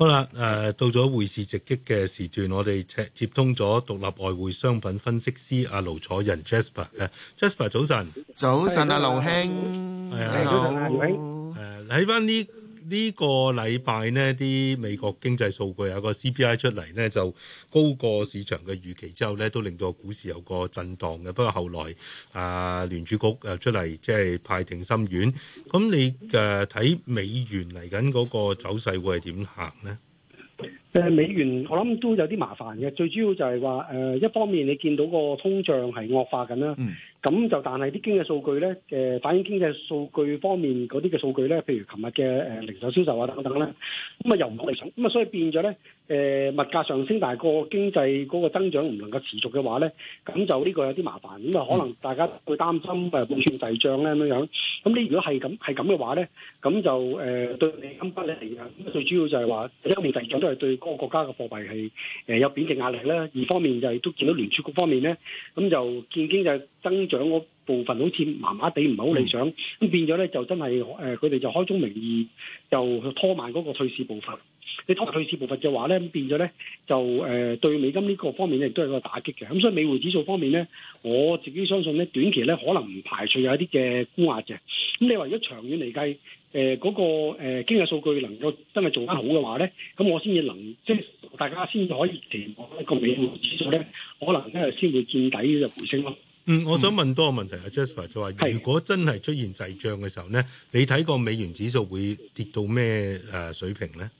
好啦，誒到咗匯市直擊嘅時段，我哋接接通咗獨立外匯商品分析師阿盧楚仁 Jasper 嘅，Jasper 早晨，早晨阿盧兄，係啊，早晨阿盧兄，誒睇翻啲，呢、呢個禮拜呢啲美國經濟數據有個 CPI 出嚟呢，就高過市場嘅預期之後呢，都令到個股市有個震盪嘅。不過後來啊，聯儲局出來、就是，啊出嚟即係派定心丸。咁你誒睇美元嚟緊嗰個走勢會係點行呢？誒、呃、美元我諗都有啲麻煩嘅，最主要就係話誒一方面你見到個通脹係惡化緊啦。嗯咁就但係啲經濟數據咧，誒、呃、反映經濟數據方面嗰啲嘅數據咧，譬如琴日嘅誒零售銷售啊等等咧，咁啊又唔好理想，咁啊所以變咗咧，誒、呃、物價上升，但係個經濟嗰個增長唔能夠持續嘅話咧，咁就呢個有啲麻煩，咁啊可能大家會擔心誒貶值滯脹咧咁樣。咁你如果係咁係咁嘅話咧，咁就誒、呃、對你金幣咧嚟講，最主要就係話一方面滯脹都係對個國家嘅貨幣係誒、呃、有貶值壓力啦，二方面就係、是、都見到聯儲局方面咧，咁就見經濟。增長部分好似麻麻地，唔係好理想咁，嗯、變咗咧就真係誒，佢、呃、哋就開宗明義就拖慢嗰個退市步伐。你拖慢退市步伐嘅話咧，變咗咧就誒、呃、對美金呢個方面咧，亦都係一個打擊嘅。咁所以美匯指數方面咧，我自己相信咧，短期咧可能唔排除有一啲嘅沽壓嘅。咁你話如果長遠嚟計，誒、呃、嗰、那個誒經濟數據能夠真係做得好嘅話咧，咁我先至能即係大家先可以期望一個美匯指數咧，可能咧先會見底就回升咯。嗯，我想問多個問題啊，Jasper、嗯、就話、是呃，如果真係出現滯脹嘅時候呢？你睇個美元指數會跌到咩誒水平呢？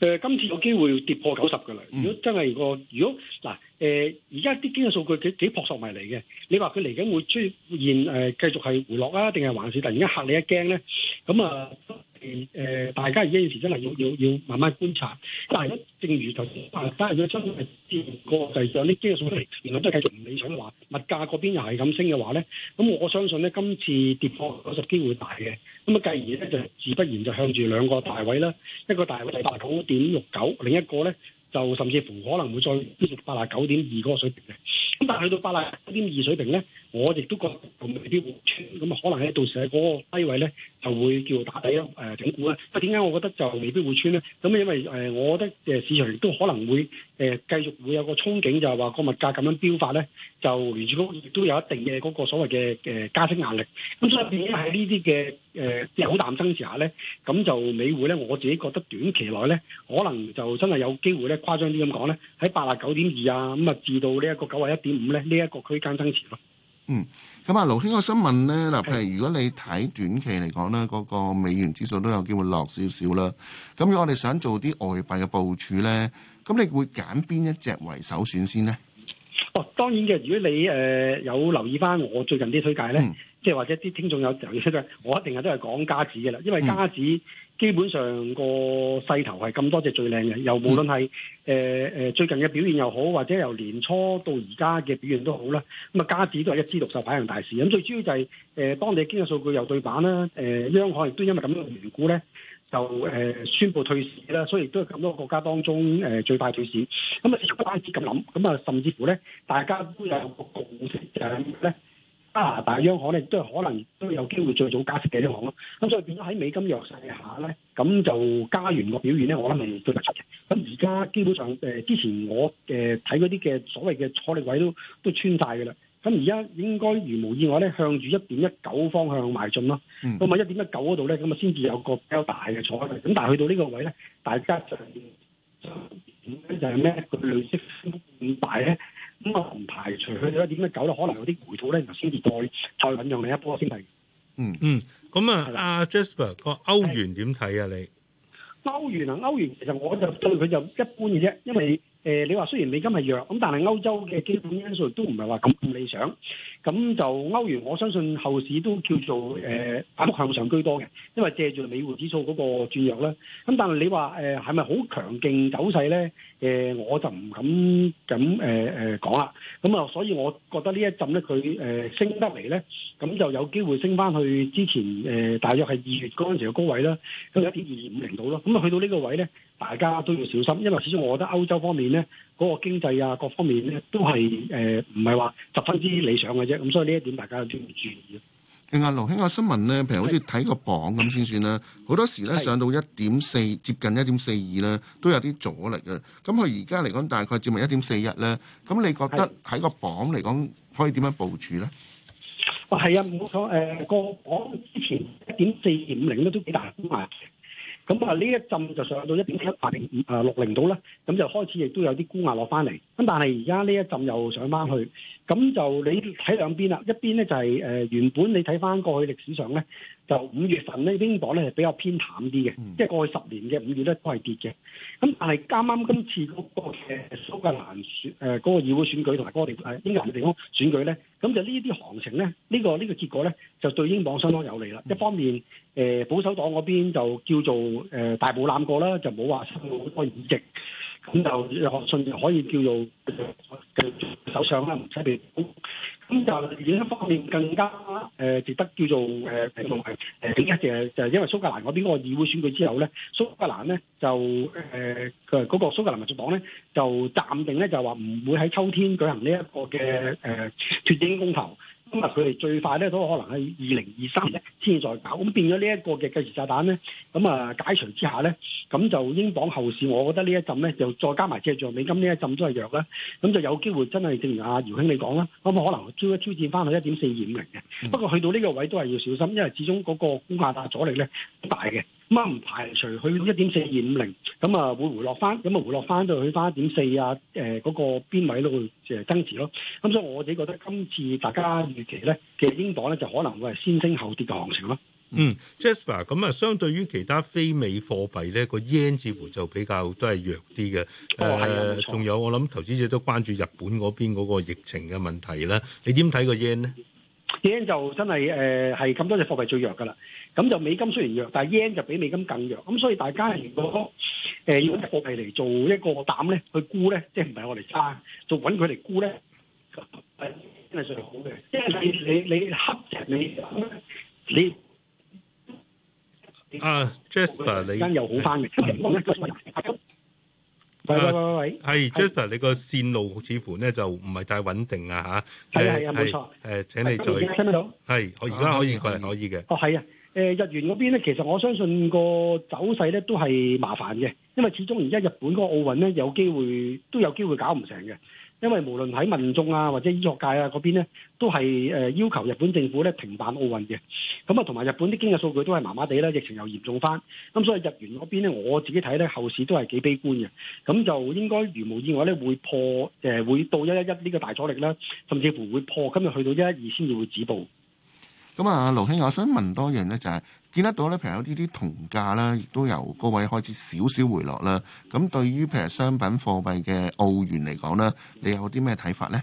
誒，今次有機會跌破九十㗎喇。如果真係個，如果嗱誒，而家啲經濟數據幾幾撲朔迷離嚟嘅，你話佢嚟緊會出現誒繼、呃、續係回落啊，定係還是突然間嚇你一驚呢？咁、嗯、啊～、呃誒、呃，大家而家有時真係要要要慢慢觀察。但係，正如頭先話，假、啊、如真係跌過頭有啲基礎嚟，原來都係繼續唔理想嘅話，物價嗰邊又係咁升嘅話咧，咁我相信咧，今次跌破嗰個機會大嘅。咁啊，繼而咧就自不然就向住兩個大位啦，一個大位就係八九點六九，另一個咧就甚至乎可能會再跌到八啊九點二嗰個水平嘅。咁但係去到八啊九點二水平咧。我亦都覺得未必會穿，咁啊可能喺到時喺嗰個低位咧就會叫打底咯，誒整股啦。不過點解我覺得就未必會穿咧？咁因為誒，我覺得誒市場亦都可能會誒繼續會有個憧憬就是說這，就係話個物價咁樣飆發咧，就聯儲局亦都有一定嘅嗰個所謂嘅誒加息壓力。咁所以喺呢啲嘅誒有淡增持下咧，咁就美匯咧，我自己覺得短期內咧，可能就真係有機會咧，誇張啲咁講咧，喺八啊九點二啊，咁啊至到呢一個九啊一點五咧，呢一、這個區間增持咯。嗯，咁啊，盧兄，我想問咧，嗱，譬如如果你睇短期嚟講咧，嗰個美元指數都有機會落少少啦。咁如果我哋想做啲外幣嘅部署咧，咁你會揀邊一隻為首選先呢？哦，當然嘅，如果你誒、呃、有留意翻我最近啲推介咧。嗯即係或者啲聽眾有留候出嘅，我一定係都係講家子嘅啦。因為家子基本上個勢頭係咁多隻最靚嘅，又無論係誒誒最近嘅表現又好，或者由年初到而家嘅表現都好啦。咁啊，家子都係一枝獨秀，排行大市。咁最主要就係、是、誒、呃，當地經濟數據又對版啦。誒、呃，央行亦都因為咁樣嘅緣故咧，就誒、呃、宣布退市啦。所以亦都係咁多國家當中誒、呃、最大退市。咁、嗯、啊，唔單止咁諗，咁、嗯、啊，甚至乎咧，大家都有個共識就係咧，加、啊、拿大央行咧都可能都有機會最早加息嘅央行咯，咁所以變咗喺美金弱勢下咧，咁就加元個表現咧，我諗係最突出、嗯、嘅。咁而家基本上誒、呃、之前我誒睇嗰啲嘅所謂嘅阻力位都都穿晒嘅啦，咁而家應該如無意外咧，向住一點一九方向邁進咯。咁、嗯、啊一點一九嗰度咧，咁啊先至有個比較大嘅阻力。咁但係去到呢個位咧，大家就點、是、咧就係、是、咩？佢累積咁大咧。咁我唔排除佢哋點樣走到可能有啲回吐咧，先至再再引用另一波先係。嗯嗯，咁啊，阿、啊、Jasper 個歐元點睇啊？你歐元啊，歐元其實我就對佢就一般嘅啫，因為，誒，你話雖然美金係弱，咁但係歐洲嘅基本因素都唔係話咁理想，咁就歐元我相信後市都叫做誒反覆向上居多嘅，因為借住美匯指數嗰個轉弱啦。咁但係你話係咪好強勁走勢咧、呃？我就唔敢咁誒講啦。咁啊，呃、所以我覺得呢一陣咧，佢升得嚟咧，咁就有機會升翻去之前、呃、大約係二月嗰陣時嘅高位啦，喺一點二五零度咯。咁啊，去到呢個位咧。大家都要小心，因為始終我覺得歐洲方面咧，嗰、那個經濟啊，各方面咧都係誒唔係話十分之理想嘅啫，咁所以呢一點大家要注意另誒，盧、嗯、兄，我想問咧，譬如好似睇個榜咁先算啦，好多時咧，上到一點四接近一點四二咧都有啲阻力嘅，咁佢而家嚟講大概接近一點四一咧，咁你覺得喺個榜嚟講可以點樣部署咧？哦，係啊，冇錯，誒、呃那個榜之前一點四五零咧都幾大啊！咁啊，呢一陣就上到一點七八零五啊六零度啦，咁就開始亦都有啲沽壓落翻嚟。咁但係而家呢一陣又上翻去，咁就你睇兩邊啦。一邊咧就係、是、誒、呃、原本你睇翻過去歷史上咧。就五月份咧，英鎊咧比較偏淡啲嘅，即、嗯、係過去十年嘅五月咧都係跌嘅。咁但係啱啱今次嗰個嘅蘇格蘭選嗰、那個議會選舉同埋嗰個地英國嘅地方選舉咧，咁就呢啲行情咧，呢、這個呢、這個結果咧，就對英鎊相當有利啦、嗯。一方面誒保守黨嗰邊就叫做誒大步攬過啦，就冇話收到好多議席，咁就信可以叫做繼續首相啦，唔使變。咁就另一方面更加誒值得叫做誒形容係誒，而家就就是、因為蘇格蘭嗰邊個議會選舉之後咧，蘇格蘭呢就誒嗰、那個蘇格蘭民族黨呢就暫定呢就話唔會喺秋天舉行呢一個嘅誒脫英公投。咁啊，佢哋最快咧都可能係二零二三咧先再搞，咁變咗呢一個嘅計時炸彈咧，咁啊解除之下咧，咁就英鎊後市，我覺得一陣呢一陣咧就再加埋隻係尾美金呢一陣都係弱啦，咁就有機會真係正如阿、啊、姚兄你講啦，咁可能挑一挑戰翻去一點四二五零嘅，不過去到呢個位都係要小心，因為始終嗰個沽壓大阻力咧好大嘅。乜唔排除去一點四二五零，咁啊會回落翻，咁啊回落翻就去翻一點四啊，誒嗰個邊位咯，誒增持咯。咁所以我自己覺得今次大家預期咧，其實英鎊咧就可能會係先升後跌嘅行情咯。嗯，Jasper，咁啊，Jesper，相對於其他非美貨幣咧，個 yen 似乎就比較都係弱啲嘅。哦，係，冇錯、呃、仲有我諗投資者都關注日本嗰邊嗰個疫情嘅問題啦。你點睇個 yen 咧？yen 就真係誒係咁多隻貨幣最弱噶啦，咁就美金雖然弱，但係 yen 就比美金更弱，咁所以大家如果誒要用貨幣嚟做一個膽咧，去估咧，即係唔係我哋差，就揾佢嚟估咧，係真係算好嘅，即係你你你恰你你啊，Jasper，你間又好翻嘅。喂喂喂喂，係 Jasper，你個線路似乎咧就唔係太穩定啊嚇，係係冇錯，誒請你再聽得到，係我而家可以確認，啊、可以嘅。哦係啊，誒日元嗰邊咧，其實我相信個走勢咧都係麻煩嘅，因為始終而家日本嗰個奧運咧有機會都有機會搞唔成嘅。因為無論喺民眾啊或者醫學界啊嗰邊咧，都係誒、呃、要求日本政府咧停辦奧運嘅。咁啊，同埋日本啲經濟數據都係麻麻地啦，疫情又嚴重翻。咁所以日元嗰邊咧，我自己睇咧後市都係幾悲觀嘅。咁就應該如無意外咧，會破誒、呃，會到一一一呢個大阻力啦，甚至乎會破今日去到一一二先至會止步。咁啊，盧兄，我想問多樣咧、就是，就係。見得到咧，譬如有呢啲銅價啦，亦都由高位開始少少回落啦。咁對於譬如商品貨幣嘅澳元嚟講咧，你有啲咩睇法咧？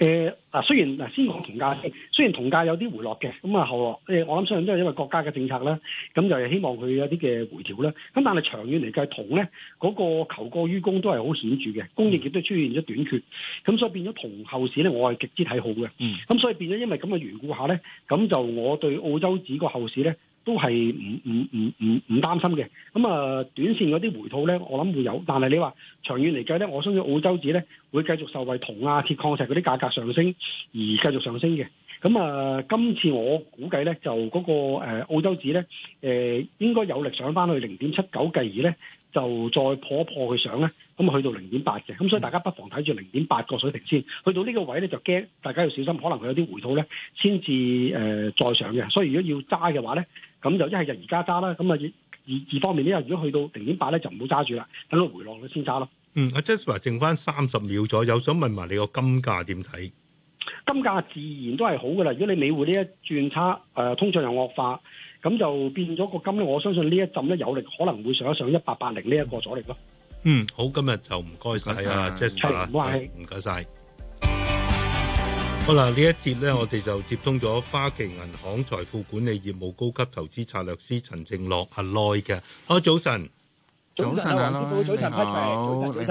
誒、呃、嗱，雖然嗱先講銅價，雖然銅價有啲回落嘅，咁、嗯、啊我諗相信都係因為國家嘅政策啦，咁就係希望佢有啲嘅回調啦。咁但係長遠嚟計，銅咧嗰個求過於供都係好顯著嘅，供應亦都出現咗短缺，咁所以變咗銅後市咧，我係極之睇好嘅。嗯，咁所以變咗，因為咁嘅緣故下咧，咁就我對澳洲指個後市咧。都係唔唔唔唔唔擔心嘅。咁啊，短線嗰啲回吐咧，我諗會有。但係你話長遠嚟計咧，我相信澳洲紙咧會繼續受惠銅啊、鐵礦石嗰啲價格上升而繼續上升嘅。咁啊，今次我估計咧就嗰、那個、呃、澳洲紙咧誒應該有力上返去零點七九，繼而咧就再破破去上咧，咁去到零點八嘅。咁所以大家不妨睇住零點八個水平先。去到呢個位咧就驚，大家要小心，可能佢有啲回吐咧，先至再上嘅。所以如果要揸嘅話咧，咁就一係就而家揸啦，咁啊二二方面咧，如果去到零點八咧，就唔好揸住啦，等到回落先揸咯。嗯，阿 Jessica 剩翻三十秒左右，想問埋你個金價點睇？金價自然都係好噶啦，如果你美匯呢一轉差，呃、通脹又惡化，咁就變咗個金咧。我相信呢一陣咧有力，可能會上一上一八八零呢一個阻力咯。嗯，好，今日就唔該晒啊 Jessica 唔該晒。謝謝啊 Jessica。好啦，呢一節咧，我哋就接通咗花旗銀行財富管理業務高級投資策略師陳正犖阿 Loie 嘅。好早晨，早晨啊，早晨，早晨，早晨，早晨，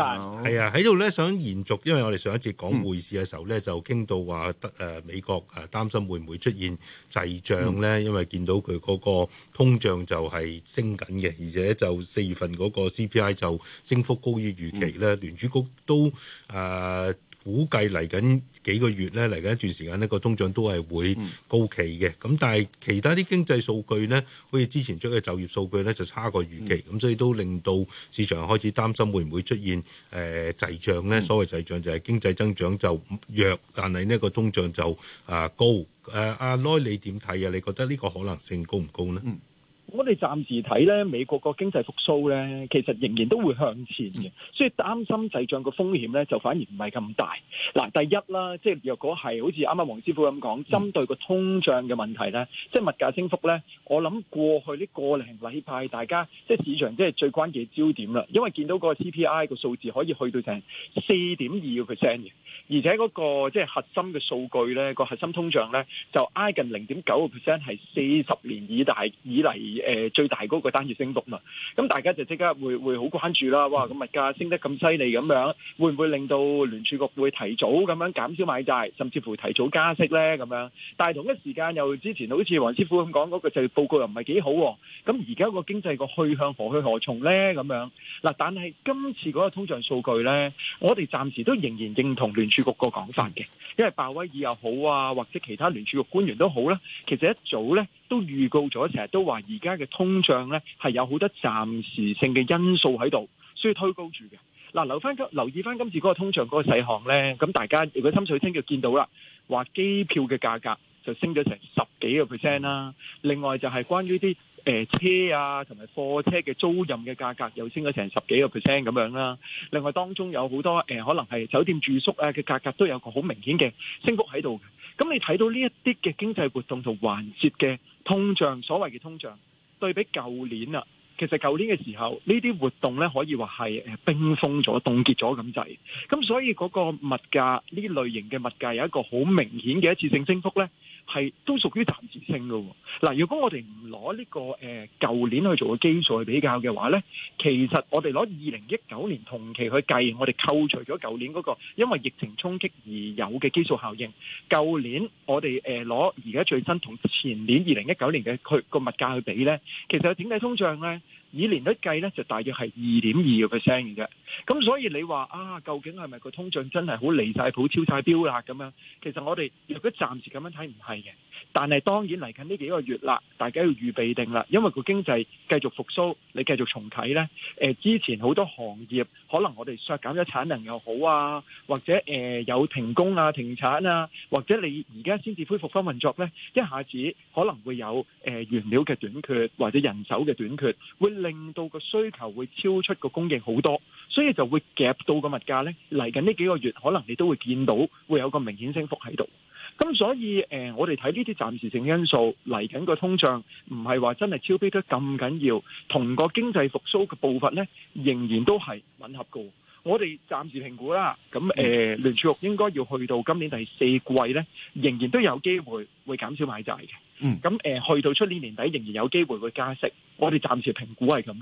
係啊，喺度咧，想延續，因為我哋上一次講匯市嘅時候咧，就傾到話得誒美國誒擔心會唔會出現滯脹咧，因為見到佢嗰個通脹就係升緊嘅，而且就四月份嗰個 CPI 就升幅高於預期咧，聯儲局都誒估計嚟緊。幾個月咧嚟緊一段時間呢，個通脹都係會高企嘅。咁、嗯、但係其他啲經濟數據呢，好似之前出嘅就業數據呢，就差過預期。咁、嗯、所以都令到市場開始擔心會唔會出現誒、呃、滯漲呢、嗯、所謂滯漲就係經濟增長就弱，但係呢個通脹就啊、呃、高。誒、呃、阿 Lo，你點睇啊？你覺得呢個可能性高唔高呢？嗯我哋暫時睇咧，美國個經濟復甦咧，其實仍然都會向前嘅，所以擔心滯脹嘅風險咧，就反而唔係咁大。嗱，第一啦，即係若果係好似啱啱黃師傅咁講，針對個通脹嘅問題咧，即係物價升幅咧，我諗過去呢個零禮拜，大家即係市場即係最關鍵嘅焦點啦，因為見到個 CPI 個數字可以去到成四點二個 percent 嘅。而且嗰個即係核心嘅數據咧，個核心通脹咧就挨近零點九個 percent，係四十年以大以嚟誒、呃、最大嗰個單月升幅嘛。咁大家就即刻會會好關注啦。哇！咁物價升得咁犀利咁樣，會唔會令到聯儲局會提早咁樣減少買債，甚至乎提早加息咧？咁樣。但係同一時間又之前好似黃師傅咁講嗰個就業報告又唔係幾好、啊。咁而家個經濟個去向何去何從咧？咁樣嗱。但係今次嗰個通脹數據咧，我哋暫時都仍然認同聯儲局個講法嘅，因為鮑威爾又好啊，或者其他聯儲局官員都好啦。其實一早咧都預告咗，成日都話而家嘅通脹咧係有好多暫時性嘅因素喺度，所以推高住嘅。嗱、啊，留翻留意翻今次嗰個通脹嗰個細項咧，咁大家如果心水清就見到啦，話機票嘅價格就升咗成十幾個 percent 啦、啊，另外就係關於啲。誒，車啊，同埋貨車嘅租賃嘅價格又升咗成十幾個 percent 咁樣啦。另外當中有好多誒，可能係酒店住宿啊嘅價格都有個好明顯嘅升幅喺度。咁你睇到呢一啲嘅經濟活動同環節嘅通脹，所謂嘅通脹，對比舊年啊，其實舊年嘅時候呢啲活動咧可以話係誒冰封咗、凍結咗咁滯。咁所以嗰個物價呢類型嘅物價有一個好明顯嘅一次性升幅咧，係都屬於暫時性嘅喎。嗱，如果我哋唔攞呢個誒舊年去做個基數去比較嘅話咧，其實我哋攞二零一九年同期去計，我哋扣除咗舊年嗰個因為疫情衝擊而有嘅基數效應，舊年我哋誒攞而家最新同前年二零一九年嘅佢個物價去比咧，其實整體通脹咧。以年率計咧，就大約係二點二個 percent 嘅啫。咁所以你話啊，究竟係咪個通脹真係好離晒譜、超晒標啦咁樣？其實我哋如果暫時咁樣睇唔係嘅，但係當然嚟緊呢幾個月啦，大家要預備定啦，因為個經濟繼續復甦，你繼續重啟咧，呃、之前好多行業。可能我哋削減咗產能又好啊，或者、呃、有停工啊、停產啊，或者你而家先至恢復翻運作呢，一下子可能會有、呃、原料嘅短缺或者人手嘅短缺，會令到個需求會超出個供應好多，所以就會夾到個物價呢。嚟緊呢幾個月，可能你都會見到會有個明顯升幅喺度。咁所以，誒，我哋睇呢啲暫時性因素嚟緊個通脹，唔係話真係超標得咁緊要，同個經濟復甦嘅步伐咧，仍然都係吻合嘅。我哋暫時評估啦，咁誒，聯儲局應該要去到今年第四季咧，仍然都有機會會減少買債嘅。嗯，咁誒，去到出年年底，仍然有機會會加息。我哋暫時評估係咁。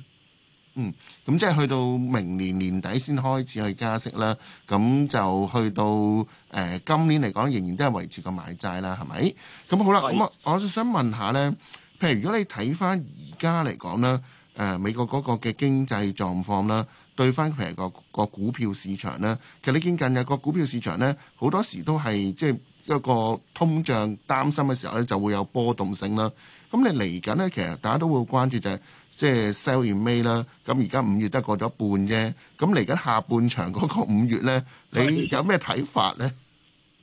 嗯，咁即係去到明年年底先開始去加息啦，咁就去到誒、呃、今年嚟講，仍然都係維持個買債啦，係咪？咁好啦，咁、嗯、我就想問下呢。譬如如果你睇翻而家嚟講呢，誒、呃、美國嗰個嘅經濟狀況啦，對翻譬、嗰個股票市場啦。其實你見近日個股票市場呢，好多時都係即係一個通脹擔心嘅時候呢，就會有波動性啦。咁你嚟緊呢，其實大家都會關注就係、是。即係 sell in May 啦，咁而家五月都過咗半啫，咁嚟緊下半場嗰個五月咧，你有咩睇法咧？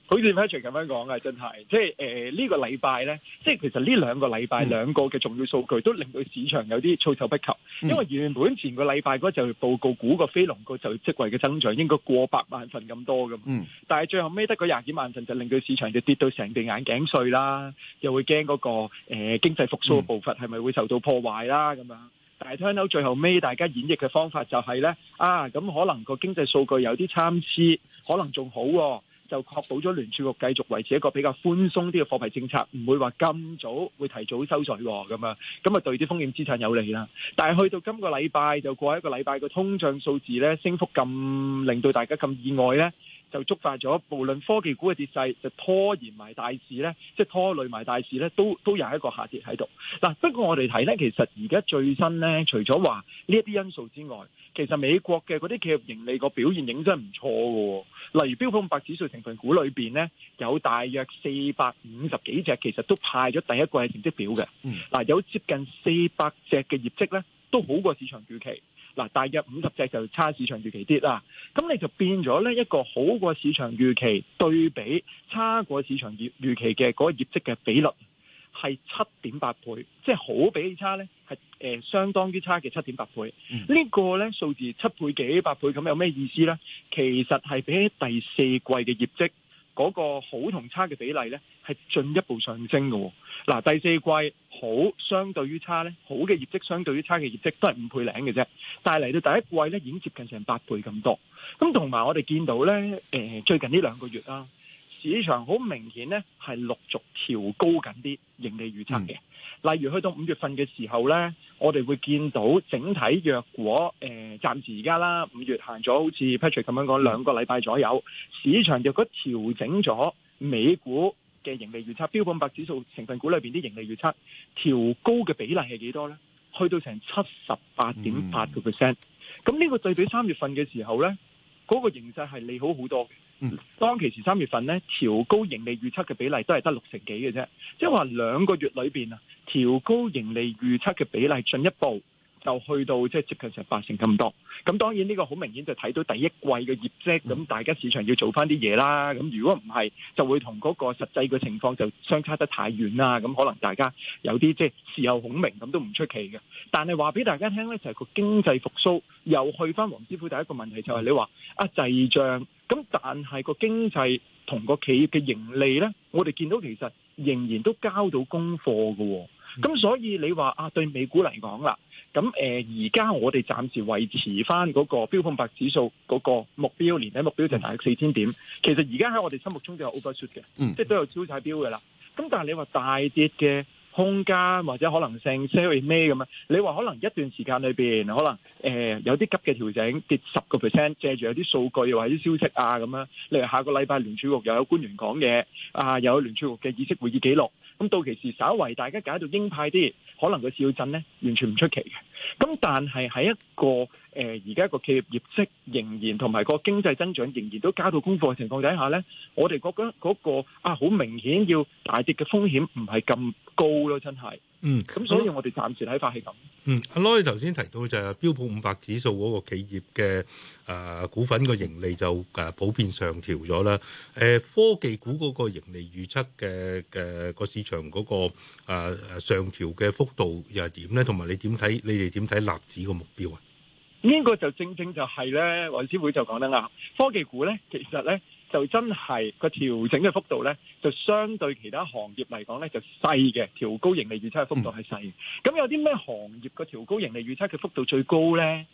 好似 Patrick 咁樣講啊，真係，即係誒、呃這個、呢個禮拜咧，即係其實呢兩個禮拜、嗯、兩個嘅重要數據，都令到市場有啲措手不及、嗯。因為原本前個禮拜嗰陣報告估個非農個就職位嘅增長應該過百萬份咁多㗎嘛、嗯，但係最後尾得個廿幾萬份，就令到市場就跌到成地眼鏡碎啦。又會驚嗰、那個誒、呃、經濟復甦嘅步伐係咪會受到破壞啦咁、嗯、樣。但係 turn out 最後尾大家演繹嘅方法就係、是、咧，啊咁可能那個經濟數據有啲參差，可能仲好、啊。就確保咗聯儲局繼續維持一個比較寬鬆啲嘅貨幣政策，唔會話咁早會提早收水咁啊，咁啊對啲風險資產有利啦。但係去到今個禮拜就過一個禮拜個通脹數字咧，升幅咁令到大家咁意外咧，就觸發咗無論科技股嘅跌勢，就拖延埋大市咧，即係拖累埋大市咧，都都有一個下跌喺度。嗱，不過我哋睇咧，其實而家最新咧，除咗話呢一啲因素之外。其實美國嘅嗰啲企業盈利個表現影真係唔錯嘅，例如標普五百指數成分股裏邊咧，有大約四百五十幾隻，其實都派咗第一季嘅成績表嘅。嗱、嗯，有接近四百隻嘅業績咧，都好過市場預期。嗱，大約五十隻就差市場預期啲啦。咁你就變咗咧一個好過市場預期對比差過市場預預期嘅嗰個業績嘅比率，係七點八倍，即係好比起差咧，係誒相當於差嘅七點八倍。呢、嗯這個咧數字七倍幾八倍咁有咩意思咧？其實係比起第四季嘅業績嗰、那個好同差嘅比例咧，係進一步上升嘅。嗱，第四季好相對於差咧，好嘅業績相對於差嘅業績都係五倍零嘅啫，但係嚟到第一季咧已經接近成八倍咁多。咁同埋我哋見到咧，誒最近呢兩個月啦。市場好明顯呢，係陸續調高緊啲盈利預測嘅。例如去到五月份嘅時候呢，我哋會見到整體若果誒、呃，暫時而家啦，五月行咗好似 Patrick 咁樣講兩個禮拜左右，市場若果調整咗美股嘅盈利預測，標普百指數成分股裏邊啲盈利預測調高嘅比例係幾多呢？去到成七十八點八個 percent。咁呢個對比三月份嘅時候呢。嗰個形勢係利好好多嘅，當其時三月份咧調高盈利預測嘅比例都係得六成幾嘅啫，即係話兩個月裏邊啊調高盈利預測嘅比例進一步。又去到即係接近成八成咁多，咁當然呢個好明顯就睇到第一季嘅業績，咁大家市場要做翻啲嘢啦。咁如果唔係，就會同嗰個實際嘅情況就相差得太遠啦。咁可能大家有啲即係事後孔明咁都唔出奇嘅。但係話俾大家聽咧，就係、是、個經濟復蘇又去翻。黃師傅第一個問題就係你話啊，滯脹，咁，但係個經濟同個企業嘅盈利咧，我哋見到其實仍然都交到功課嘅、哦。咁所以你話啊，對美股嚟講啦，咁誒、而、呃、家我哋暫時維持翻嗰個標普百指數嗰個目標，年底目標就大概四千點。其實而家喺我哋心目中就有 over shoot 嘅、嗯，即係都有超晒標噶啦。咁但係你話大跌嘅。空間或者可能性，say 咩咁啊？你話可能一段時間裏邊，可能誒、呃、有啲急嘅調整，跌十個 percent，借住有啲數據或者啲消息啊咁啊。例如下個禮拜聯儲局又有官員講嘢啊，又有聯儲局嘅議息會議記錄。咁到其時稍為大家搞到鷹派啲。可能個市震呢，完全唔出奇嘅。咁但係喺一個誒而家個企業業績仍然同埋個經濟增長仍然都加到功課嘅情況底下呢，我哋覺得嗰個啊好明顯要大跌嘅風險唔係咁高咯，真係。嗯，咁所以我哋暫時睇法係咁。嗯，阿、啊、Lo、啊、你頭先提到就係標普五百指數嗰個企業嘅誒、啊、股份個盈利就誒普遍上調咗啦。誒、啊、科技股嗰個盈利預測嘅誒、啊、個市場嗰、那個誒、啊、上調嘅幅度又係點咧？同埋你點睇？你哋點睇納指個目標啊？呢、這個就正正就係咧，黃師傅就講得啱。科技股咧，其實咧。就真係個調整嘅幅度呢，就相對其他行業嚟講呢，就細嘅，調高盈利預測嘅幅度係細嘅。咁、嗯、有啲咩行業個調高盈利預測嘅幅度最高呢？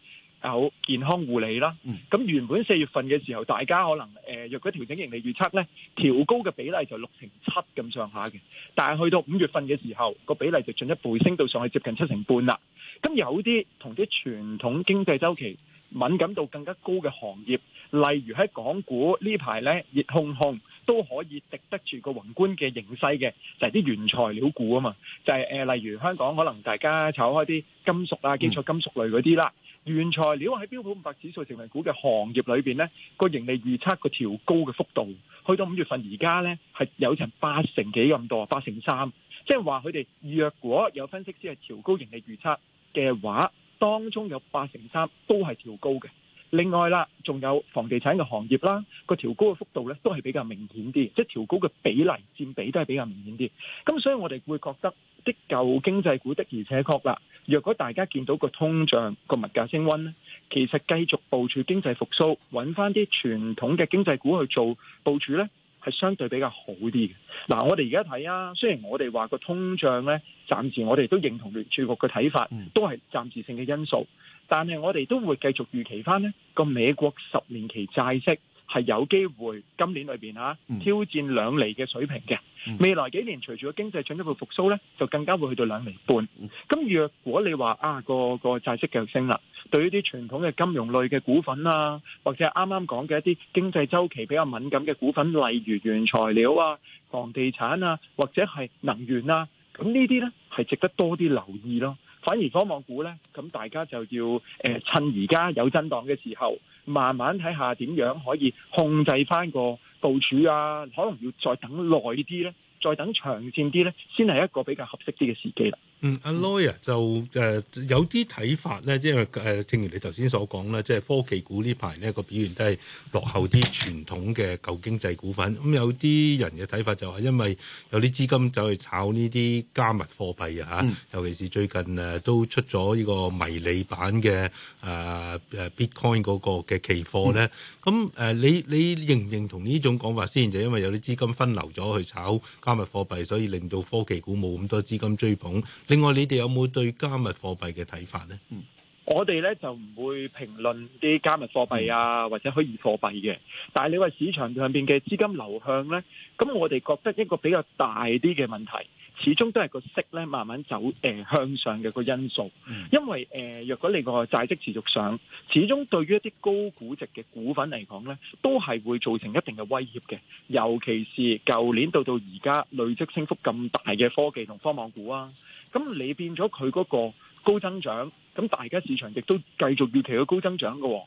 有健康護理啦。咁、嗯、原本四月份嘅時候，大家可能誒若、呃、果調整盈利預測呢，調高嘅比例就六成七咁上下嘅。但係去到五月份嘅時候，個比例就進一步升到上去接近七成半啦。咁有啲同啲傳統經濟週期敏感度更加高嘅行業。例如喺港股呢排呢，熱烘烘，都可以敵得住個宏觀嘅形勢嘅，就係啲原材料股啊嘛。就係、呃、例如香港可能大家炒開啲金屬啊、基礎金屬類嗰啲啦。原材料喺標普五百指數成分股嘅行業裏面呢，個盈利預測個調高嘅幅度，去到五月份而家呢係有成八成幾咁多，八成三。即係話佢哋若果有分析師係調高盈利預測嘅話，當中有八成三都係調高嘅。另外啦，仲有房地產嘅行業啦，個調高嘅幅度咧，都係比較明顯啲，即係調高嘅比例佔比都係比較明顯啲。咁所以我哋會覺得啲舊經濟股的而且確啦。若果大家見到個通脹個物價升溫咧，其實繼續部署經濟復甦，搵返啲傳統嘅經濟股去做部署咧。係相對比較好啲嘅，嗱、啊，我哋而家睇啊，雖然我哋話個通脹咧，暫時我哋都認同聯儲局嘅睇法，都係暫時性嘅因素，但係我哋都會繼續預期翻咧個美國十年期債息。係有機會今年裏邊嚇挑戰兩釐嘅水平嘅，未來幾年隨住個經濟進一步復甦咧，就更加會去到兩釐半。咁如果你話啊，個個債息繼續升啦，對於啲傳統嘅金融類嘅股份啊，或者係啱啱講嘅一啲經濟週期比較敏感嘅股份，例如原材料啊、房地產啊，或者係能源啊，咁呢啲咧係值得多啲留意咯。反而科網股咧，咁大家就要誒趁而家有震盪嘅時候慢慢睇下點樣可以控制翻個部署啊。可能要再等耐啲咧，再等長線啲咧，先係一個比較合適啲嘅時機啦。嗯，阿 Loy 啊就、呃、有啲睇法咧，呃，即係誒，正如你頭先所講啦，即係科技股呢排呢個表現都係落後啲傳統嘅舊經濟股份。咁有啲人嘅睇法就係因為有啲資金走去炒呢啲加密貨幣啊、嗯，尤其是最近都出咗呢個迷你版嘅，啊啊、Bitcoin 嗰個嘅期貨咧。咁，嗯、你你認唔認同呢種講法先？就因為有啲資金分流咗去炒加密貨幣，所以令到科技股冇咁多資金追捧。另外，你哋有冇對加密貨幣嘅睇法呢？嗯，我哋呢就唔會評論啲加密貨幣啊，或者虛擬貨幣嘅。但係你話市場上邊嘅資金流向呢？咁我哋覺得一個比較大啲嘅問題。始終都係個息咧，慢慢走誒、呃、向上嘅個因素，因為誒、呃、若果你個債息持續上，始終對於一啲高估值嘅股份嚟講咧，都係會造成一定嘅威脅嘅。尤其是舊年到到而家累積升幅咁大嘅科技同科網股啊，咁你變咗佢嗰個高增長，咁大家市場亦都繼續預期佢高增長嘅、哦。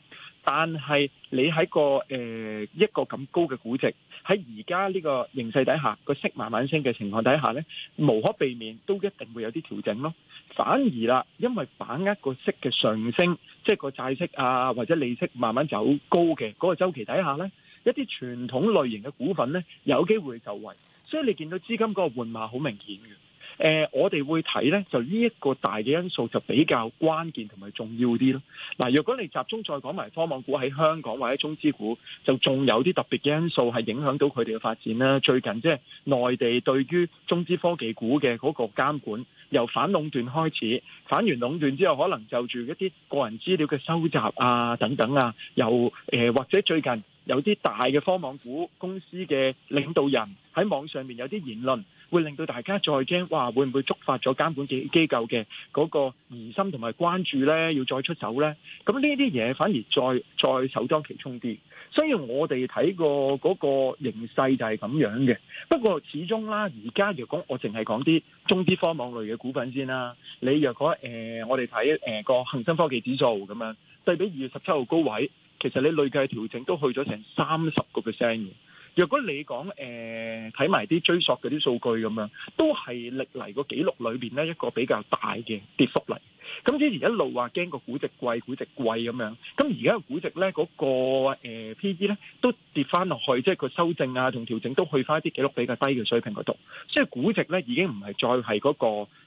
但係你喺個誒一個咁、呃、高嘅估值喺而家呢個形勢底下，個息慢慢升嘅情況底下呢，無可避免都一定會有啲調整咯。反而啦，因為把握個息嘅上升，即係個債息啊或者利息慢慢走高嘅嗰個周期底下呢，一啲傳統類型嘅股份呢，有機會受惠。所以你見到資金嗰個換馬好明顯嘅。誒、呃，我哋會睇呢，就呢一個大嘅因素就比較關鍵同埋重要啲咯。嗱、呃，如果你集中再講埋科網股喺香港或者中資股，就仲有啲特別嘅因素係影響到佢哋嘅發展啦。最近即係內地對於中資科技股嘅嗰個監管，由反壟斷開始，反完壟斷之後，可能就住一啲個人資料嘅收集啊，等等啊，又誒、呃、或者最近有啲大嘅科網股公司嘅領導人喺網上面有啲言論，會令到大家再驚，哇！會唔會觸發咗監管機機構嘅嗰個疑心同埋關注呢？要再出手呢？咁呢啲嘢反而再再首當其衝啲。所以，我哋睇過嗰個形勢就係咁樣嘅。不過，始終啦，而家若果我淨係講啲中資科網類嘅股份先啦。你若果誒、呃，我哋睇誒個恒生科技指數咁樣，對比二月十七號高位，其實你累計的調整都去咗成三十個 percent 嘅。若果你講誒睇埋啲追溯嗰啲數據咁樣，都係歷嚟個記錄裏面咧一個比較大嘅跌幅嚟。咁之前一路話驚個估值貴，估值貴咁樣，咁而家個估值咧嗰個 PE 咧都跌翻落去，即係個修正啊同調整都去翻一啲記錄比較低嘅水平嗰度，所以估值咧已經唔係再係嗰個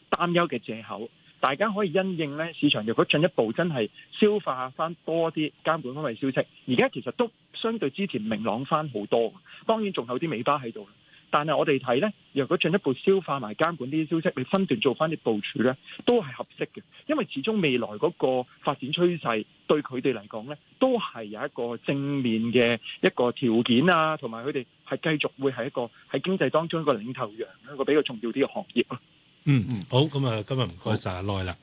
擔憂嘅藉口。大家可以因應呢市場若果進一步真係消化翻多啲監管方面消息，而家其實都相對之前明朗翻好多。當然仲有啲尾巴喺度，但係我哋睇呢若果進一步消化埋監管啲消息，你分段做翻啲部署呢，都係合適嘅。因為始終未來嗰個發展趨勢對佢哋嚟講呢都係有一個正面嘅一個條件啊，同埋佢哋係繼續會係一個喺經濟當中一個領頭羊一個比較重要啲嘅行業咯。嗯，嗯，好，咁啊，今日唔該晒阿耐啦。